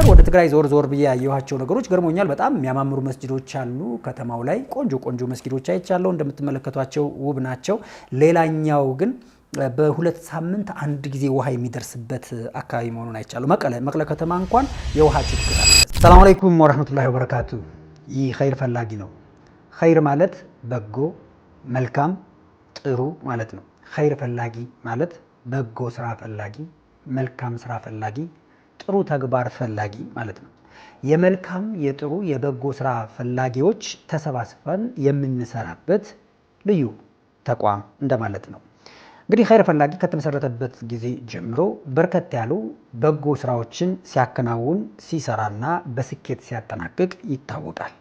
ነገር ወደ ትግራይ ዞር ዞር ብዬ ያየኋቸው ነገሮች ገርሞኛል። በጣም የሚያማምሩ መስጊዶች አሉ ከተማው ላይ ቆንጆ ቆንጆ መስጊዶች አይቻለሁ። እንደምትመለከቷቸው ውብ ናቸው። ሌላኛው ግን በሁለት ሳምንት አንድ ጊዜ ውሃ የሚደርስበት አካባቢ መሆኑን አይቻለሁ። መቀለ መቀለ ከተማ እንኳን የውሃ ችግር አለ። ሰላም አለይኩም ወረህመቱላሂ ወበረካቱ። ይህ ኸይር ፈላጊ ነው። ኸይር ማለት በጎ መልካም ጥሩ ማለት ነው። ኸይር ፈላጊ ማለት በጎ ስራ ፈላጊ መልካም ስራ ፈላጊ ጥሩ ተግባር ፈላጊ ማለት ነው። የመልካም የጥሩ የበጎ ስራ ፈላጊዎች ተሰባስበን የምንሰራበት ልዩ ተቋም እንደማለት ነው። እንግዲህ ኸይር ፈላጊ ከተመሰረተበት ጊዜ ጀምሮ በርከት ያሉ በጎ ስራዎችን ሲያከናውን ሲሰራና በስኬት ሲያጠናቅቅ ይታወቃል።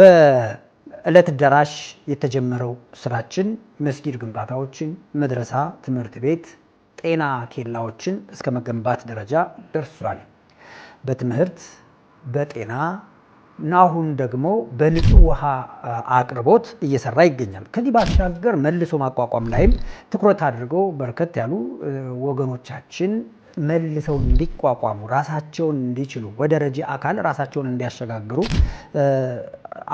በዕለት ደራሽ የተጀመረው ስራችን መስጊድ ግንባታዎችን፣ መድረሳ፣ ትምህርት ቤት ጤና ኬላዎችን እስከ መገንባት ደረጃ ደርሷል። በትምህርት በጤና እና አሁን ደግሞ በንጹህ ውሃ አቅርቦት እየሰራ ይገኛል። ከዚህ ባሻገር መልሶ ማቋቋም ላይም ትኩረት አድርገው በርከት ያሉ ወገኖቻችን መልሰው እንዲቋቋሙ ራሳቸውን እንዲችሉ ወደ ረጂ አካል ራሳቸውን እንዲያሸጋግሩ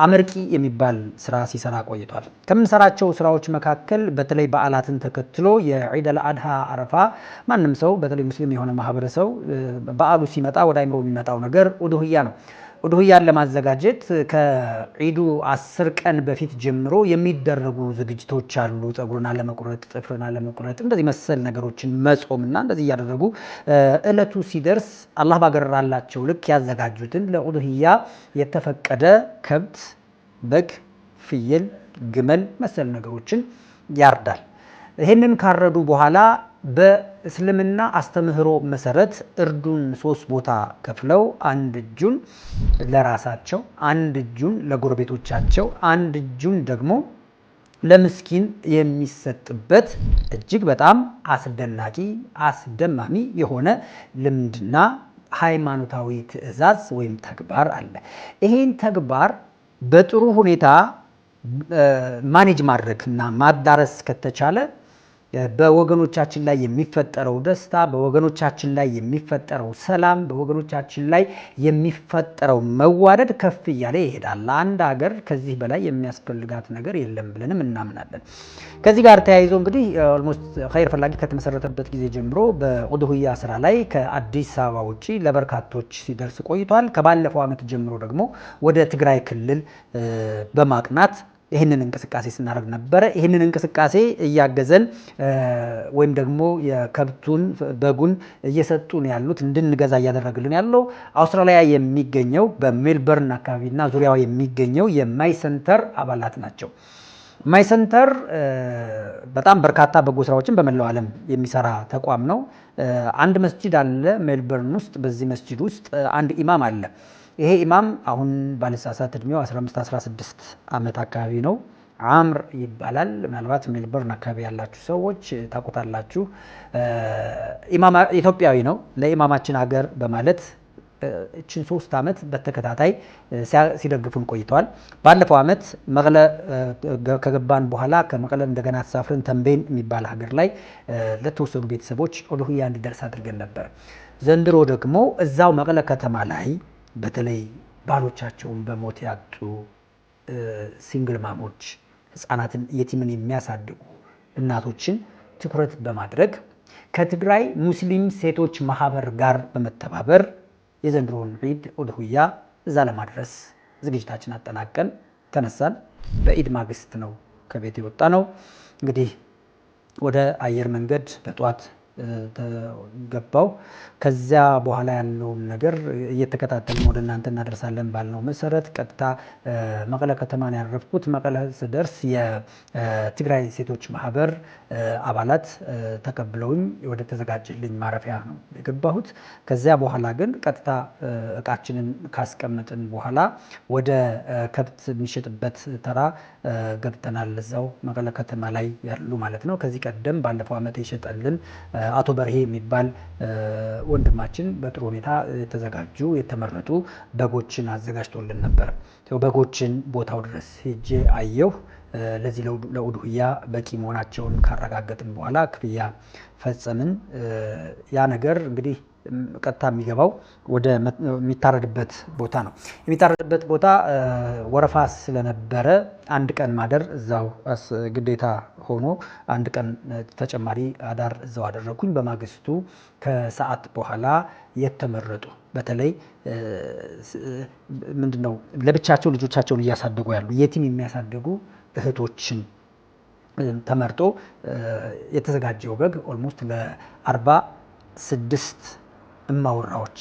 አመርቂ የሚባል ስራ ሲሰራ ቆይቷል። ከምንሰራቸው ስራዎች መካከል በተለይ በዓላትን ተከትሎ የዒድ አድሃ አረፋ፣ ማንም ሰው በተለይ ሙስሊም የሆነ ማህበረሰብ በዓሉ ሲመጣ ወደ አይምሮ የሚመጣው ነገር ኡዱህያ ነው። ኡድሁያን ለማዘጋጀት ከዒዱ አስር ቀን በፊት ጀምሮ የሚደረጉ ዝግጅቶች አሉ። ፀጉርን አለመቁረጥ፣ ጥፍርን አለመቁረጥ እንደዚህ መሰል ነገሮችን መጾምና እንደዚህ እያደረጉ እለቱ ሲደርስ አላህ ባገራላቸው ልክ ያዘጋጁትን ለኡድሁያ የተፈቀደ ከብት፣ በግ፣ ፍየል፣ ግመል መሰል ነገሮችን ያርዳል። ይህንን ካረዱ በኋላ በ እስልምና አስተምህሮ መሰረት እርዱን ሶስት ቦታ ከፍለው አንድ እጁን ለራሳቸው፣ አንድ እጁን ለጎረቤቶቻቸው፣ አንድ እጁን ደግሞ ለምስኪን የሚሰጥበት እጅግ በጣም አስደናቂ አስደማሚ የሆነ ልምድና ሃይማኖታዊ ትዕዛዝ ወይም ተግባር አለ። ይህን ተግባር በጥሩ ሁኔታ ማኔጅ ማድረግ እና ማዳረስ ከተቻለ በወገኖቻችን ላይ የሚፈጠረው ደስታ፣ በወገኖቻችን ላይ የሚፈጠረው ሰላም፣ በወገኖቻችን ላይ የሚፈጠረው መዋደድ ከፍ እያለ ይሄዳል። ለአንድ ሀገር ከዚህ በላይ የሚያስፈልጋት ነገር የለም ብለንም እናምናለን። ከዚህ ጋር ተያይዞ እንግዲህ ኦልሞስት ኸይር ፈላጊ ከተመሰረተበት ጊዜ ጀምሮ በኡድሁያ ስራ ላይ ከአዲስ አበባ ውጭ ለበርካቶች ሲደርስ ቆይቷል። ከባለፈው ዓመት ጀምሮ ደግሞ ወደ ትግራይ ክልል በማቅናት ይህንን እንቅስቃሴ ስናደርግ ነበረ። ይህንን እንቅስቃሴ እያገዘን ወይም ደግሞ የከብቱን በጉን እየሰጡን ያሉት እንድንገዛ እያደረግልን ያለው አውስትራሊያ የሚገኘው በሜልበርን አካባቢና ዙሪያዋ የሚገኘው የማይ ሰንተር አባላት ናቸው። ማይ ሰንተር በጣም በርካታ በጎ ስራዎችን በመላው ዓለም የሚሰራ ተቋም ነው። አንድ መስጂድ አለ ሜልበርን ውስጥ። በዚህ መስጂድ ውስጥ አንድ ኢማም አለ ይሄ ኢማም አሁን ባልሳሳት እድሜው 15 16 ዓመት አካባቢ ነው። አምር ይባላል። ምናልባት ሜልበርን አካባቢ ያላችሁ ሰዎች ታውቁታላችሁ። ኢትዮጵያዊ ነው። ለኢማማችን ሀገር በማለት እችን ሶስት ዓመት በተከታታይ ሲደግፉን ቆይተዋል። ባለፈው ዓመት መቀለ ከገባን በኋላ ከመቀለ እንደገና ተሳፍረን ተንቤን የሚባል ሀገር ላይ ለተወሰኑ ቤተሰቦች ኡሉሂያ እንዲደርስ አድርገን ነበር። ዘንድሮ ደግሞ እዛው መቀለ ከተማ ላይ በተለይ ባሎቻቸውን በሞት ያጡ ሲንግል ማሞች፣ ህፃናትን የቲምን የሚያሳድጉ እናቶችን ትኩረት በማድረግ ከትግራይ ሙስሊም ሴቶች ማህበር ጋር በመተባበር የዘንድሮውን ዒድ ኦድሁያ እዛ ለማድረስ ዝግጅታችን አጠናቀን ተነሳን። በኢድ ማግስት ነው ከቤት የወጣ ነው። እንግዲህ ወደ አየር መንገድ በጠዋት ገባው ከዚያ በኋላ ያለውን ነገር እየተከታተልን ወደ እናንተ እናደርሳለን ባልነው መሰረት ቀጥታ መቀለ ከተማ ነው ያረፍኩት። መቀለ ስደርስ የትግራይ ሴቶች ማህበር አባላት ተቀብለውኝ ወደ ተዘጋጀልኝ ማረፊያ ነው የገባሁት። ከዚያ በኋላ ግን ቀጥታ እቃችንን ካስቀመጥን በኋላ ወደ ከብት የሚሸጥበት ተራ ገብተናል እዛው መቀለ ከተማ ላይ ያሉ ማለት ነው። ከዚህ ቀደም ባለፈው አመት የሸጠልን አቶ በርሄ የሚባል ወንድማችን በጥሩ ሁኔታ የተዘጋጁ የተመረጡ በጎችን አዘጋጅቶልን ነበር። በጎችን ቦታው ድረስ ሄጄ አየሁ። ለዚህ ለኡድሁያ በቂ መሆናቸውን ካረጋገጥን በኋላ ክፍያ ፈጸምን። ያ ነገር እንግዲህ ቀጥታ የሚገባው ወደ የሚታረድበት ቦታ ነው። የሚታረድበት ቦታ ወረፋ ስለነበረ አንድ ቀን ማደር እዛው ግዴታ ሆኖ አንድ ቀን ተጨማሪ አዳር እዛው አደረግኩኝ። በማግስቱ ከሰዓት በኋላ የተመረጡ በተለይ ምንድነው ለብቻቸው ልጆቻቸውን እያሳደጉ ያሉ የቲም የሚያሳድጉ እህቶችን ተመርጦ የተዘጋጀው በግ ኦልሞስት ለአርባ ስድስት እማወራዎች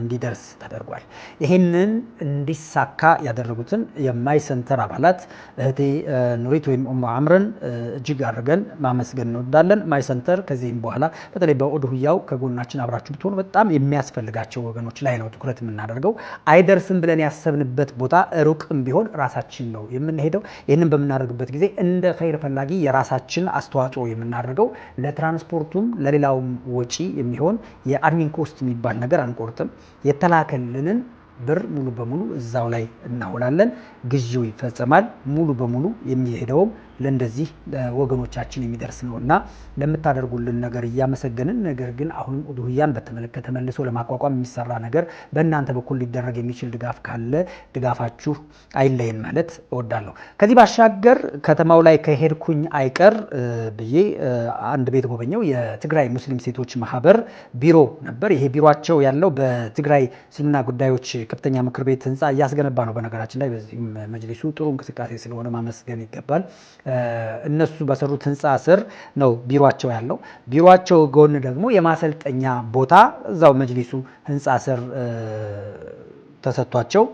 እንዲደርስ ተደርጓል። ይህንን እንዲሳካ ያደረጉትን የማይ ሰንተር አባላት እህቴ ኑሪት ወይም ኡሙ አምርን እጅግ አድርገን ማመስገን እንወዳለን። ማይ ሰንተር ከዚህም በኋላ በተለይ በኦድሁያው ከጎናችን አብራችሁ ብትሆኑ በጣም የሚያስፈልጋቸው ወገኖች ላይ ነው ትኩረት የምናደርገው። አይደርስም ብለን ያሰብንበት ቦታ ሩቅም ቢሆን ራሳችን ነው የምንሄደው። ይህንን በምናደርግበት ጊዜ እንደ ኸይር ፈላጊ የራሳችን አስተዋጽኦ የምናደርገው ለትራንስፖርቱም ለሌላውም ወጪ የሚሆን የአድሚን ኮስት የሚባል ነገር አንቆርጥም። የተላከልንን ብር ሙሉ በሙሉ እዛው ላይ እናውላለን። ግዢው ይፈጸማል። ሙሉ በሙሉ የሚሄደውም ለእንደዚህ ወገኖቻችን የሚደርስ ነው እና ለምታደርጉልን ነገር እያመሰገንን ነገር ግን አሁንም ኡድሁያን በተመለከተ መልሶ ለማቋቋም የሚሰራ ነገር በእናንተ በኩል ሊደረግ የሚችል ድጋፍ ካለ ድጋፋችሁ አይለይን ማለት እወዳለሁ። ከዚህ ባሻገር ከተማው ላይ ከሄድኩኝ አይቀር ብዬ አንድ ቤት ጎበኘው። የትግራይ ሙስሊም ሴቶች ማህበር ቢሮ ነበር። ይሄ ቢሮቸው ያለው በትግራይ እስልምና ጉዳዮች ከፍተኛ ምክር ቤት ህንፃ እያስገነባ ነው። በነገራችን ላይ በዚህም መጅሊሱ ጥሩ እንቅስቃሴ ስለሆነ ማመስገን ይገባል። እነሱ በሰሩት ህንፃ ስር ነው ቢሮቸው ያለው። ቢሮቸው ጎን ደግሞ የማሰልጠኛ ቦታ እዛው መጅሊሱ ህንፃ ስር ተሰጥቷቸው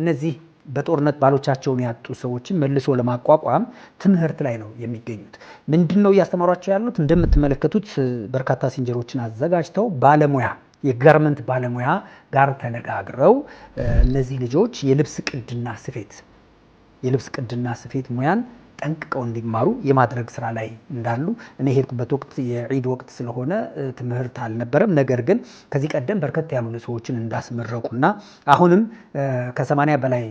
እነዚህ በጦርነት ባሎቻቸውን ያጡ ሰዎችን መልሶ ለማቋቋም ትምህርት ላይ ነው የሚገኙት። ምንድን ነው እያስተማሯቸው ያሉት? እንደምትመለከቱት በርካታ ሲንጀሮችን አዘጋጅተው ባለሙያ የጋርመንት ባለሙያ ጋር ተነጋግረው እነዚህ ልጆች የልብስ ቅድና ስፌት የልብስ ቅድና ስፌት ሙያን ጠንቅቀው እንዲማሩ የማድረግ ስራ ላይ እንዳሉ እኔ ሄድኩበት ወቅት የዒድ ወቅት ስለሆነ ትምህርት አልነበረም። ነገር ግን ከዚህ ቀደም በርከት ያሉ ሰዎችን እንዳስመረቁና አሁንም ከሰማንያ በላይ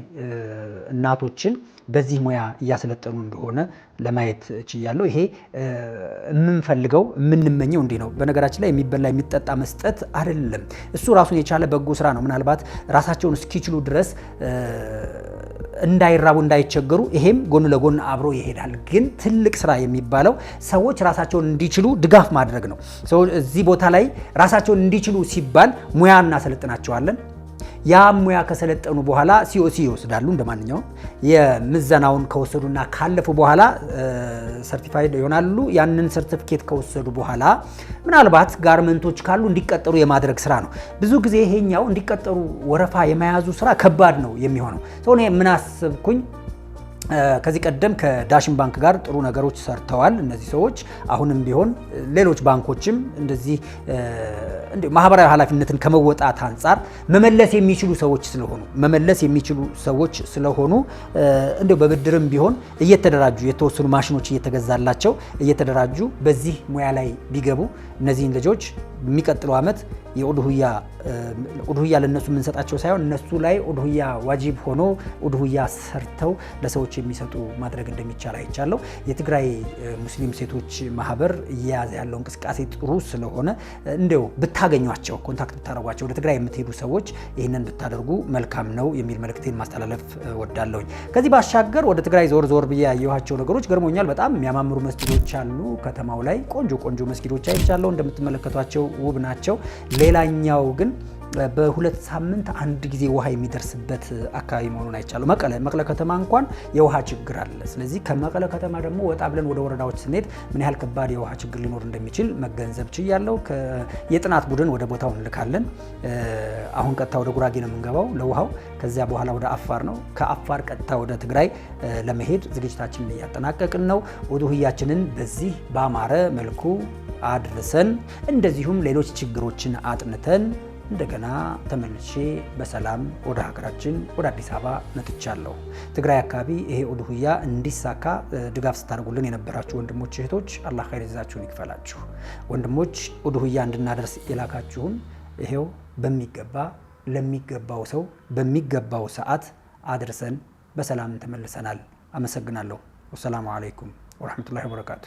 እናቶችን በዚህ ሙያ እያሰለጠኑ እንደሆነ ለማየት ችያለሁ። ይሄ የምንፈልገው የምንመኘው እንዲህ ነው። በነገራችን ላይ የሚበላ የሚጠጣ መስጠት አይደለም። እሱ ራሱን የቻለ በጎ ስራ ነው። ምናልባት ራሳቸውን እስኪችሉ ድረስ እንዳይራቡ እንዳይቸገሩ፣ ይሄም ጎን ለጎን አብሮ ይሄዳል። ግን ትልቅ ስራ የሚባለው ሰዎች ራሳቸውን እንዲችሉ ድጋፍ ማድረግ ነው። እዚህ ቦታ ላይ ራሳቸውን እንዲችሉ ሲባል ሙያ እናሰለጥናቸዋለን። ያ ሙያ ከሰለጠኑ በኋላ ሲኦሲ ይወስዳሉ። እንደ ማንኛውም የምዘናውን ከወሰዱና ካለፉ በኋላ ሰርቲፋይድ ይሆናሉ። ያንን ሰርቲፊኬት ከወሰዱ በኋላ ምናልባት ጋርመንቶች ካሉ እንዲቀጠሩ የማድረግ ስራ ነው። ብዙ ጊዜ ይሄኛው እንዲቀጠሩ ወረፋ የመያዙ ስራ ከባድ ነው የሚሆነው። ሰው እኔ ምን አስብኩኝ ከዚህ ቀደም ከዳሽን ባንክ ጋር ጥሩ ነገሮች ሰርተዋል እነዚህ ሰዎች። አሁንም ቢሆን ሌሎች ባንኮችም እንደዚህ ማህበራዊ ኃላፊነትን ከመወጣት አንጻር መመለስ የሚችሉ ሰዎች ስለሆኑ መመለስ የሚችሉ ሰዎች ስለሆኑ እንዲያው በብድርም ቢሆን እየተደራጁ የተወሰኑ ማሽኖች እየተገዛላቸው እየተደራጁ በዚህ ሙያ ላይ ቢገቡ እነዚህን ልጆች የሚቀጥለው ዓመት የኡድሁያ ኡድሁያ ለነሱ የምንሰጣቸው ሳይሆን እነሱ ላይ ኡድሁያ ዋጅብ ሆኖ ኡድሁያ ሰርተው ለሰዎች የሚሰጡ ማድረግ እንደሚቻል አይቻለሁ። የትግራይ ሙስሊም ሴቶች ማህበር እየያዘ ያለው እንቅስቃሴ ጥሩ ስለሆነ እንዲያው ብታገኟቸው፣ ኮንታክት ብታደረጓቸው፣ ወደ ትግራይ የምትሄዱ ሰዎች ይህንን ብታደርጉ መልካም ነው የሚል መልእክቴን ማስተላለፍ ወዳለሁኝ። ከዚህ ባሻገር ወደ ትግራይ ዞር ዞር ብዬ ያየኋቸው ነገሮች ገርሞኛል። በጣም የሚያማምሩ መስጊዶች አሉ ከተማው ላይ ቆንጆ ቆንጆ መስጊዶች አይቻለሁ። እንደምትመለከቷቸው ውብ ናቸው። ሌላኛው ግን በሁለት ሳምንት አንድ ጊዜ ውሃ የሚደርስበት አካባቢ መሆኑን አይቻሉ። መቀለ መቀለ ከተማ እንኳን የውሃ ችግር አለ። ስለዚህ ከመቀለ ከተማ ደግሞ ወጣ ብለን ወደ ወረዳዎች ስንሄድ ምን ያህል ከባድ የውሃ ችግር ሊኖር እንደሚችል መገንዘብ ችያለሁ። የጥናት ቡድን ወደ ቦታው እንልካለን። አሁን ቀጥታ ወደ ጉራጌ ነው የምንገባው ለውሃው። ከዚያ በኋላ ወደ አፋር ነው፣ ከአፋር ቀጥታ ወደ ትግራይ ለመሄድ ዝግጅታችንን እያጠናቀቅን ነው። ኡዱህያችንን በዚህ በአማረ መልኩ አድርሰን እንደዚሁም ሌሎች ችግሮችን አጥንተን እንደገና ተመልሼ በሰላም ወደ ሀገራችን ወደ አዲስ አበባ መጥቻለሁ። ትግራይ አካባቢ ይሄ ኡድሁያ እንዲሳካ ድጋፍ ስታደርጉልን የነበራችሁ ወንድሞች እህቶች፣ አላህ ኸይር ይዛችሁን ይክፈላችሁ። ወንድሞች ኡድሁያ እንድናደርስ የላካችሁን ይሄው በሚገባ ለሚገባው ሰው በሚገባው ሰዓት አድርሰን በሰላም ተመልሰናል። አመሰግናለሁ። ወሰላሙ አለይኩም ወረሕመቱላሂ ወበረካቱ።